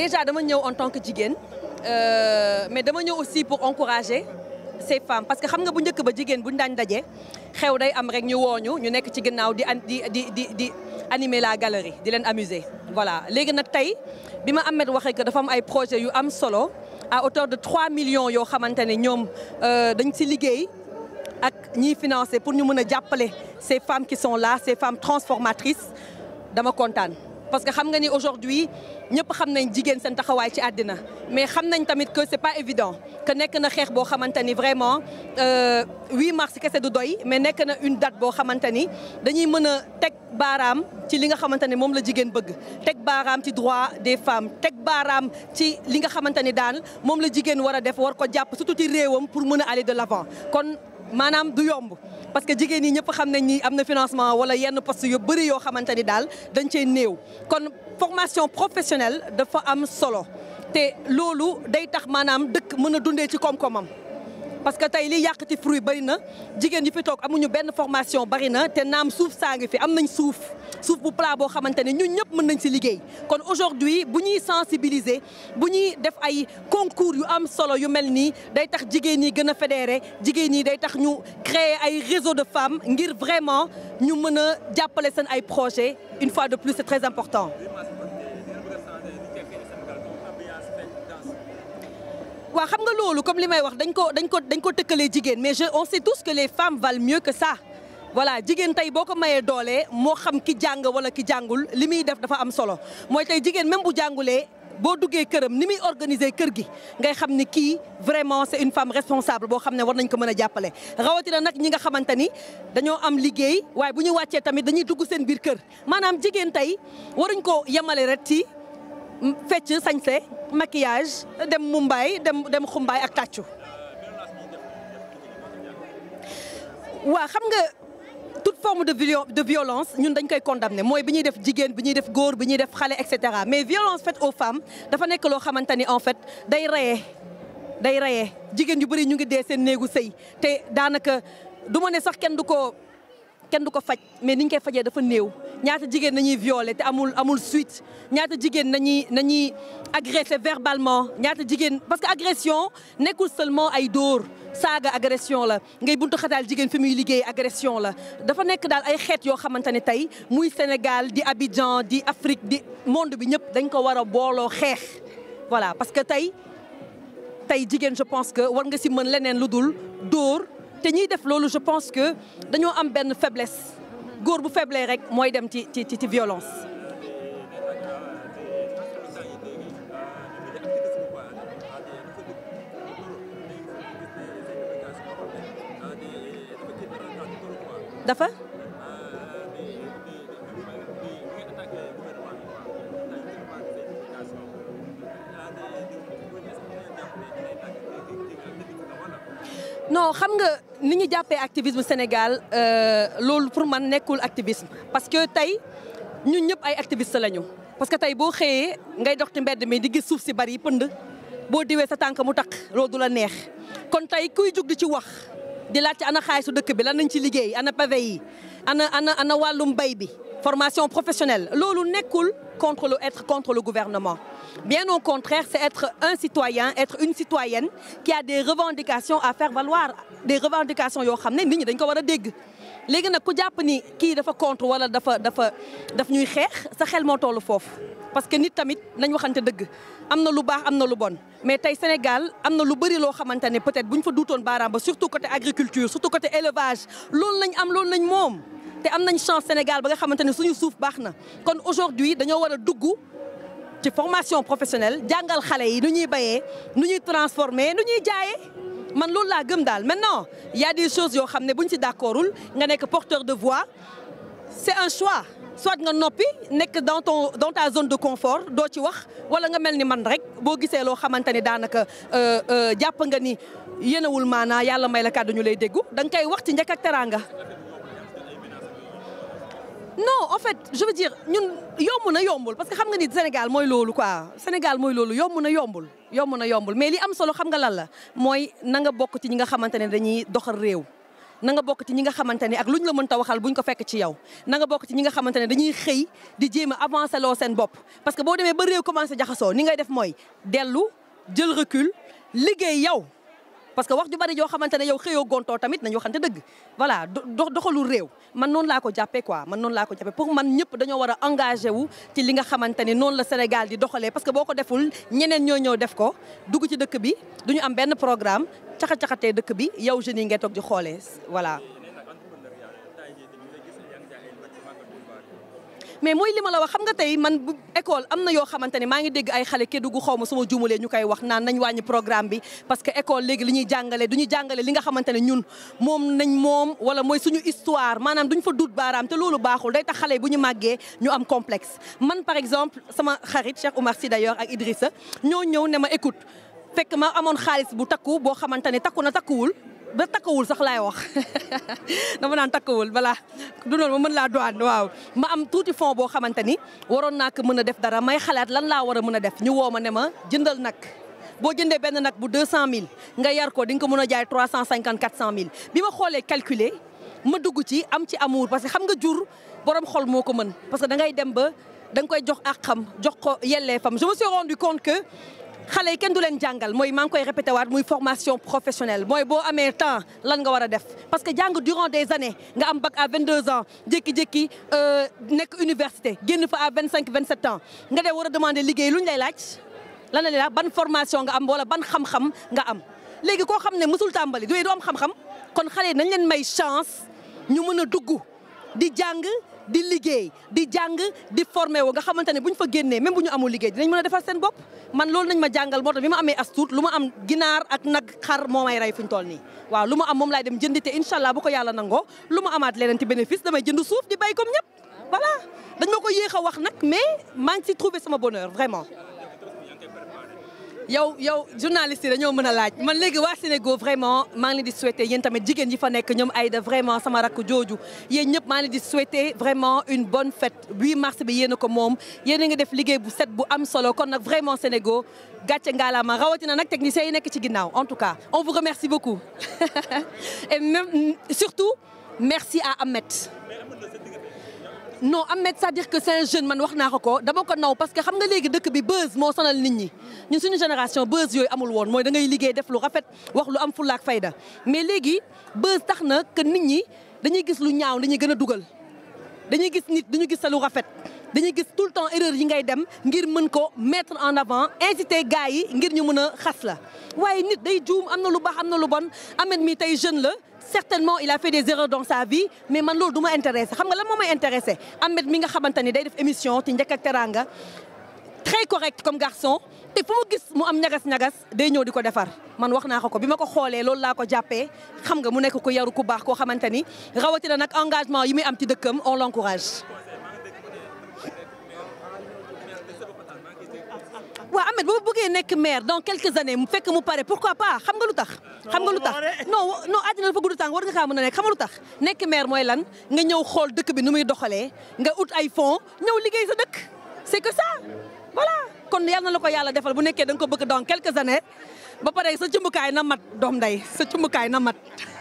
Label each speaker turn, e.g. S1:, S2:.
S1: déjà dama ñëw en tant que jigéen euh, mais dama ñëw aussi pour encourager ces femmes parce que xam nga bu njëkk ba jigéen buñ daan daje xew day am rek ñu wooñu ñu nekk ci ginnaaw di di di di di animer la galerie di leen amuser voilà léegi nag tey bi ma am Ameth waxee que dafa am ay projet yu am solo à hauteur de 3 millions yoo xamante ne ñoom euh, dañ si liggéey ak ñiy financer pour ñu mën a jàppale ces femmes qui son là ces femmes transformatrices dama kontaan parce que xam nga ni aujourd'hui ñëpp xam nañ jigéen seen taxawaay ci àddina mais xam nañ tamit que c'est pas évident que nekk na xeex boo xamante ni vraiment 8 euh, mars kese du doy mais nekk na une date boo xamante ni dañuy mën a teg baaraam ci li nga xamante ne moom la jigéen bëgg teg baaraam ci droit des femmes teg baaraam ci li nga xamante ni daal moom la jigéen war a def war ko jàpp surtout ci réewam pour mën a aller de l'avant maanaam du yomb parce que jigéen ñi ñëpp xam nañ ni am na financement wala yenn poste yu bëri yoo xamante ni daal dañ cee néew kon formation professionnelle dafa am solo te loolu day tax maanaam dëkk mën a dundee ci koom-koomam parce que tey li yàq ci fruit bari na jigéen yi fi toog amuñu benn formation bari na te naam suuf saa ngi fi am nañ suuf suuf bu plat boo xamante ne ñun ñëpp mën nañ si liggéey kon aujourd'hui bu ñuy sensibiliser bu ñuy def ay concours yu am solo yu mel nii day tax jigéen ñi gën a fédéré jigéen ñi day tax ñu créer ay réseau de femmes ngir vraiment ñu mën a jàppale seen ay projet une fois de plus c'est très important waaw xam nga loolu comme li may wax dañ ko dañ ko dañ ko tëkkalee jigéen mais je on sait tous que les femmes valent mieux que ça voilà jigéen tey boo ko mayee doole moo xam ki jàng wala ki jàngul li muy def dafa am solo mooy tey jigéen même bu jàngulee boo duggee këram ni muy organiser kër gi ngay xam ni kii vraiment c'est une femme responsable boo xam ne war nañ ko mën a jàppale rawatina nag ñi nga xamante ni dañoo am liggéey waaye bu ñu wàccee tamit dañuy dugg seen biir kër maanaam jigéen tey waruñ ko yemale rek ci fecc sañse maquillage dem Mumbai dem dem xumbaay ak tàccu waa xam nga toute forme de de violence ñun dañ koy condamner mooy bi ñuy def jigéen bi ñuy def góor bi ñuy def xale et cetera mais violence faite aux femmes dafa nekk loo xamante ni en fait day reyee day reyee jigéen yu bëri ñu ngi dee seen néegu sëy te daanaka du ma ne sax kenn du ko kenn du ko faj mais niñ koy fajee dafa néew ñaata jigéen nañuy violer te amul amul suite ñaata jigéen nañuy nañuy agressé verbalement ñaata jigéen parce que agression nekkul seulement ay dóor saaga agression la ngay buntu xataal jigéen fi muy liggéey agression la. dafa nekk daal ay xeet yoo xamante ne tey muy Sénégal di Abidjan di Afrique di monde bi ñëpp dañ ko war a booloo xeex voilà parce que tey tey jigéen je pense que war nga si mën leneen lu dul dóor. te ñiy def loolu je pense que dañoo am benn faiblesse góor bu faible rek mooy dem ci ci ci violence. dafa. non xam nga. ni ñu jàppee activisme Sénégal euh, loolu pour man nekkul activisme parce que tey ñun ñëpp ay activiste lañu. parce que tey boo xëyee ngay dox ci mbedd mi di gis suuf si bari pënd boo diwee sa tànk mu takk loolu a neex kon tey kuy jug di ci wax di laajte ana xaalisu dëkk bi lan nañ ci liggéey ana pavé yi ana ana ana wàllum bay bi. formation professionnelle loolu nekkul contre le être contre le gouvernement bien au contraire c'est être un citoyen être une citoyenne qui a des à faire valoir des revendication yoo xam ne nit ñi dañ ko war a dégg léegi nag ku jàpp ni kii dafa contre wala dafa dafa daf ñuy xeex sa xel moo tollu foofu parce que nit tamit nañ waxante dëgg am na lu baax am na lu bon mais tey Sénégal am na lu bari loo xamante ne peut-être bu fa dutoon baaraam ba surtout côté agriculture surtout côté élevage loolu lañ am loolu lañ moom te am nañ chance Sénégal ba nga xamante ne suñu suuf baax na kon aujourd'hui dañoo war a dugg ci formation professionnelle jàngal xale yi nu ñuy bayee nu ñuy transformer nu ñuy jaayee. man loolu laa gëm daal maintenant il y a des choses yoo xam ne bu ñu ci d'accordul nga nekk porteur de voix c'est un choix soit nga noppi nekk dans ton dans ta zone de confort doo ci wax wala nga mel ni man rek boo gisee loo xamante ne daanaka euh, euh, jàpp nga ni yéenewul maanaa yàlla may la kàddu ñu lay déggu da koy wax ci njëkk ak teraanga non en fait je veux dire yomb na yombul parce que xam nga ni Sénégal mooy loolu quoi Sénégal mooy loolu yomb na yombul yomb na yombul mais li am solo xam nga lan la mooy na nga bokk ci ñi nga xamante ne dañuy doxal réew. na nga bokk ci ñi nga xamante ne lu ñu la mënta waxal ñu ko fekk ci yow na nga bokk ci ñi nga xamante ne dañuy xëy di jéem a avancer loo seen bopp. parce que boo demee ba réew commencé jaxasoo ni ngay def mooy dellu jël recul liggéey yow. parce que wax ju bari joo xamante ne yow xëyoo gontoo tamit nañu waxante dëgg voilà doxalu réew man noonu laa ko jàppee quoi man noonu laa ko jàppee pour man ñëpp dañoo war a engagé li nga xamante ne noonu la Sénégal di doxalee parce que boo ko deful ñeneen ñoo ñëw def ko dugg ci dëkk bi duñu am benn programme caxa-caxatee dëkk bi yow jeunes yi ngay toog di xoolee voilà mais mooy li ma la wax xam nga tey man bu école am na yoo xamante ne maa ngi dégg ay xale Kédougou xaw ma suma juumalee ñu koy wax naan nañ wàññi programme bi parce que école léegi lu ñuy jàngale du ñu jàngale li nga xamante ñun moom nañ moom wala mooy suñu histoire maanaam duñ fa duut baaraam te loolu baaxul day tax xale bu ñu màggee ñu am complexe man par exemple sama xarit Cheikh Oumar Sy d'ailleurs ak Idrissa ñoo ñëw ne ma écoute fekk ma amoon xaalis bu takku boo xamante ne takku na takkuwul ba takkawul sax laay wax dama naan takkawul balaa du noonu ma mën laa doo doon waaw ma am tuuti fon boo xamante ni waroon naa ko mën a def dara may xalaat lan laa war a mën a def ñu woo ma ne ma jëndal nag boo jëndee benn nag bu mille nga yar ko dinga ko mën a jaay 350 400000 bi ma xoolee calculer ma dugg ci am ci amour parce que xam nga jur borom xol moo ko mën parce que da ngay dem ba danga koy jox ak xam jox ko yelleefam je me suis rendu compte xale yi kenn du leen jàngal mooy maa koy répété waat muy formation professionnelle mooy boo amee temps lan nga war a def parce que jàng durant des années nga am bac à 22 ans jékki-jékki euh, nekk université génn fa à 25 27 ans nga de war a liggéey lu ñu lay laaj lan la lay laaj ban formation nga am wala ban xam-xam nga am. léegi koo xam ne mësul tàmbali du doom xam-xam kon xale yi nañ leen may chance ñu mën a dugg di jàng. di liggéey di jàng di formé wu nga xamante ne bu fa génnee même bu ñu amul liggéey dinañ mën a defar seen bopp man loolu nañ ma jàngal moo tax bi ma amee as lu ma am ginaar ak nag xar moo may rey fu ñu toll nii waaw lu ma am moom laay dem jënd te incha allah bu ko yàlla nangoo lu ma amaat leneen ci bénéfice damay jënd suuf di bay comme ñëpp voilà dañ ma ko yéex a wax nag mais maa ngi si trouvé sama bonheur vraiment yow yow journaliste yi dañoo mën a laaj man léegi waa Sénégal vraiment maa ngi leen di souhaiter yéen tamit jigéen yi fa nekk ñoom Aïda vraiment sama rakk jooju yéen ñëpp maa ngi leen vraiment une bonne fête 8 mars bi yéen a ko moom yéen a ngi def liggéey bu set bu am solo kon nag vraiment Sénégal gàcce ngalaama rawatina nag techniciens yi nekk ci ginnaaw en tout cas on vous remercie beaucoup et même surtout merci à Ahmed non am c'est-à-dire que c'est jeune man wax naa ko ko dama ko naw parce que xam nga léegi dëkk bi buzz moo sonal nit ñi ñu suñu génération buzz yooyu amul woon mooy da ngay liggéey def lu rafet wax lu am fulaak fayda mais léegi buzz tax na que nit ñi dañuy gis lu ñaaw dañuy gën a dugal dañuy gis nit dañu gis sa lu rafet dañuy gis tout le temps erreur yi ngay dem ngir mën ko metre en avant inciter gars yi ngir ñu mën a xas la waaye nit day juum am na lu baax am na lu bon Ahmed mi tey jeune la certainement il a fait des erreurs dans sa vie mais man loolu du ma intéressé xam nga lan moo may intéressé Ahmed mi nga xamante ni day def émission ci njëkk ak teraanga très correct comme garçon te fu mu gis mu am ñagas-ñagas day ñëw di ko defar man wax naa ko ko bi ma ko xoolee loolu laa ko jàppee xam nga mu nekk ko yaru ku baax koo xamante ni rawatina nag engagement yi muy am ci dëkkam on l'encourage waa Ahmed bu bëggee nekk maire dans quelques années mu fekk mu pare pourquoi pas xam nga lu tax. xam nga lu tax non non àddina dafa gudd tàng war nga kaa mën a nekk xam nga lu tax. nekk maire mooy lan nga ñëw xool dëkk bi nu muy doxalee nga ut ay fonds ñëw liggéey sa dëkk c'est que sa voilà. kon yal na la ko yàlla defal bu nekkee da nga ko bëgg dans quelque années ba pare sa cumbukaay na mat doom nday sa cumbukaay na mat.